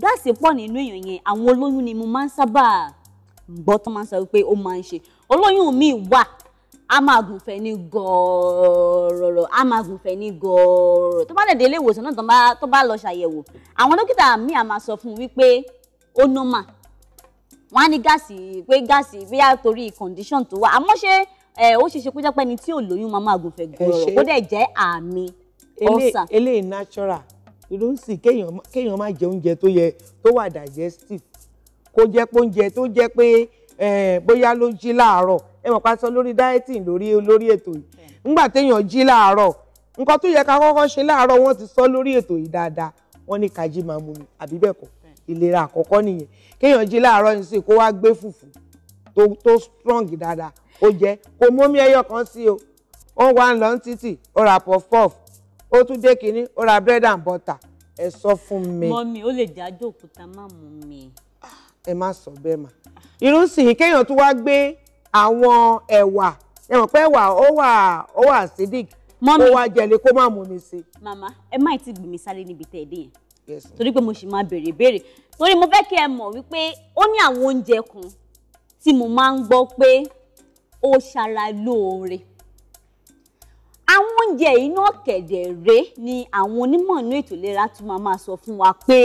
gáàsì pọ̀ nínú èèyàn yẹn àwọn olóyún ni mo máa ń sábà gbọ́ tó máa ń sọ pé ó máa ń ṣe olóyún mi wà a máa gùnfẹ́ ní gọ̀ọ̀rọ̀ a máa gùnfẹ́ ní gọ̀ọ̀rọ̀ tó bá dẹ̀ dé ilé ìwòsàn náà tó bá lọ ṣàyẹ̀wò àwọn dókítà mi à máa sọ fún un wípé ó normal wọn á ní gáàsì pé gáàsì bí a torí condition tó wà àmọ́ ṣé ó ṣe ṣe kó jẹ́ tí ò máa máa gùnfẹ́ gọ̀ọ̀rọ̀ kó dẹ̀ jẹ́ àmì ọ̀sà. eléyìí natural irú sì kéèyàn kéèyàn má jẹ oúnjẹ tó yẹ tó wà digestive kó jẹ pé oúnjẹ tó jẹ pé bóyá ló jí láàárọ̀ ẹ mọ̀ pa sọ lórí dieting lórí lórí ètò yìí ńgbà téèyàn jí láàárọ̀ nǹkan tó yẹ ká kọ́kọ́ ṣe láàárọ̀ wọ́n ti sọ lórí ètò yìí dáadáa wọ́n ní ká jí máa mu mi àbí bẹ́ẹ̀ kọ́ ìlera àkọ́kọ́ nìyẹn kéèyàn jí láàárọ̀ yìí sì kó wá gbé fùfù tó strong dáadáa ó jẹ kò mómi ẹyọ kan sí o ó wà ń títì ó ra puff puff ó tún dé kínní ó ra bread and butter ẹ sọ fún mi. mọ́mí ó lè jájọ òkúta má mú mi. ẹ má sọ bẹ́ẹ̀ mà irú sì kéèyàn tún wá gbé àwọn ẹ̀wà ẹ mọ̀ pé ẹ̀wà ó wà ó wà acidic ó wà jẹ̀lé kó má mú mi sí. màmá ẹ má ti gbìmí sáré níbi tẹ̀ ẹ́ dé yẹn torí pé mo sì máa béèrè béèrè torí mo fẹ́ kí ẹ mọ̀ wípé ó ní àwọn oúnjẹ kan tí mo máa ń gbọ́ pé ó ṣara lóore oúnjẹ iná ọ̀kẹ̀dẹ̀ rèé ni àwọn onímọ̀ inú ètò ìlera tún máa máa sọ fún wa pé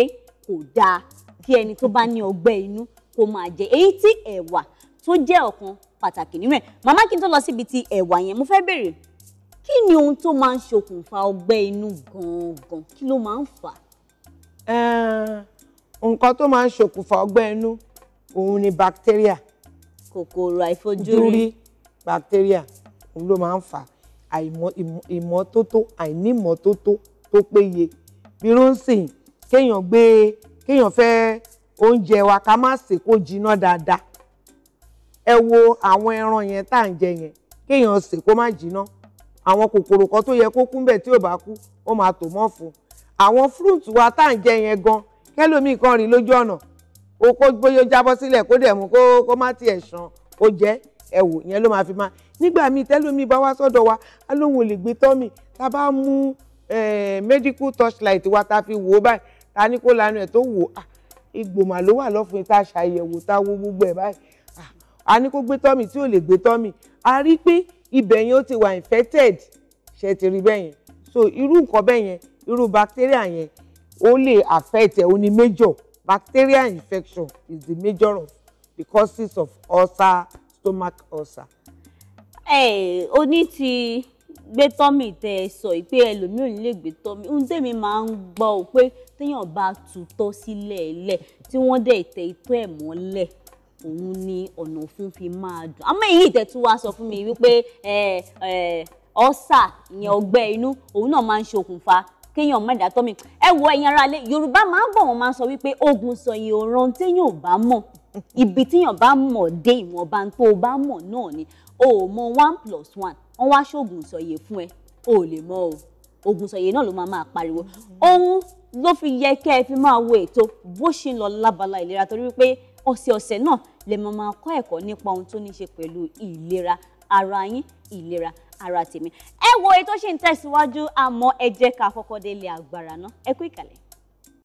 kò dáa kí ẹni tó bá ní ọgbẹ́ inú kó máa jẹ èyí tí ẹ̀wà tó jẹ́ ọ̀kan pàtàkì nínú ẹ̀ màmá kí n tó lọ síbi ti ẹ̀wà yẹn mo fẹ́ béèrè kí ni ohun tó máa ń ṣokùnfà ọgbẹ́ inú gangan kí ló máa ń fà nǹkan tó máa ń ṣokùnfà ọgbẹ́ inú òun ni bacteria kòkòrò àìfojúrí bacteria òun ló máa ń fà á ìmọ́tótó àìnímọ́tótó tó péye irú nsìn kéèyàn gbé kéèyàn fẹ́ oúnjẹ wa ká má sè kó jiná dáadáa ẹ wo àwọn ẹran yẹn tá à ń jẹ yẹn kéèyàn sè kó má jiná àwọn kòkòrò kan tó yẹ kó kú ńbẹ̀ tí ò bá kú ó máa tò mọ́ fún un àwọn fúrúùtù wa tá à ń jẹ yẹn gan kẹlòmíì kan rìn lójú ọ̀nà o kó bóyá jábọ́ sílẹ̀ kó dẹ̀ mú kó má tiẹ̀ ṣàn ó jẹ́ ẹ wò ìyẹn ló máa fi máa nígbà míì tẹ́lómi bá wá sọ́dọ̀ wa alóhùn ò gbé tọ́mì tá a bá mú medical torchlight wa ta fi wò báyìí ta ní kó lanu ẹ̀ tó wò ó ìgbòmà ló wà lọ́fun tá a ṣàyẹ̀wò tá a wo gbogbo ẹ̀ báyìí a ní kó gbé tọ́mì tí ò lè gbé tọ́mì a rí pé ibẹ̀ yẹn ó ti wà infected ṣe ti rí bẹ́ẹ̀ yẹn so irú nǹkan bẹ́ẹ̀ yẹn irú bacteria yẹn ó lè affect ẹ̀ ó ní major bacterial infection is the major of the causes of ulcer stomach ulcer. ẹ o ní ti gbé tọ́mì tẹ ẹ sọ pé ẹlòmíràn ní lè gbé tọ́mì ohun tèmi máa ń gbọ́ ọ pé téèyàn bá tutọ́ sílẹ̀ ẹ̀lẹ̀ tí wọ́n dẹ̀ tẹ itọ́ ẹ̀ mọ́lẹ̀ òun ni ọ̀nà òfun fi máa dùn àmọ́ èyí ìtẹ́tù wá sọ fún mi wípé ọ̀sà ìyẹn ọgbẹ́ inú òun náà máa ń ṣokùnfà kéèyàn mẹ́ta tọ́mì ẹ wo ẹ̀yin aráalé Yorùbá máa ń bọ̀ wọ́n máa ń sọ wípé ogun sọ̀yìn òòrùn téèyàn ò bá mọ̀ ibi tíyàn bá mọ̀ dé ìwọ̀nba tó o bá mọ̀ náà ni o ò mọ one plus one wọ́n wá ṣoògùn ìsọ̀yè fún ẹ o ò lè mọ o oògùn ìsọ̀yè náà ló máa máa pariwo ohun ló fi yẹ kẹ́ ẹ fi máa wo ètò bó ṣe ń lọ lábala ìlera torí wípé ọ̀sẹ̀ ọ̀sẹ̀ náà lè máa máa kọ́ ẹ̀kọ́ nípa ohun tó ní ṣe pẹ̀lú ìlera ara yín ìlera ara tèmi ẹ wo ètò ṣì ń tẹ̀síwájú àmọ́ ẹ jẹ́ ká kọ́kọ́ délé agbára náà ẹ kú ìkàlẹ̀.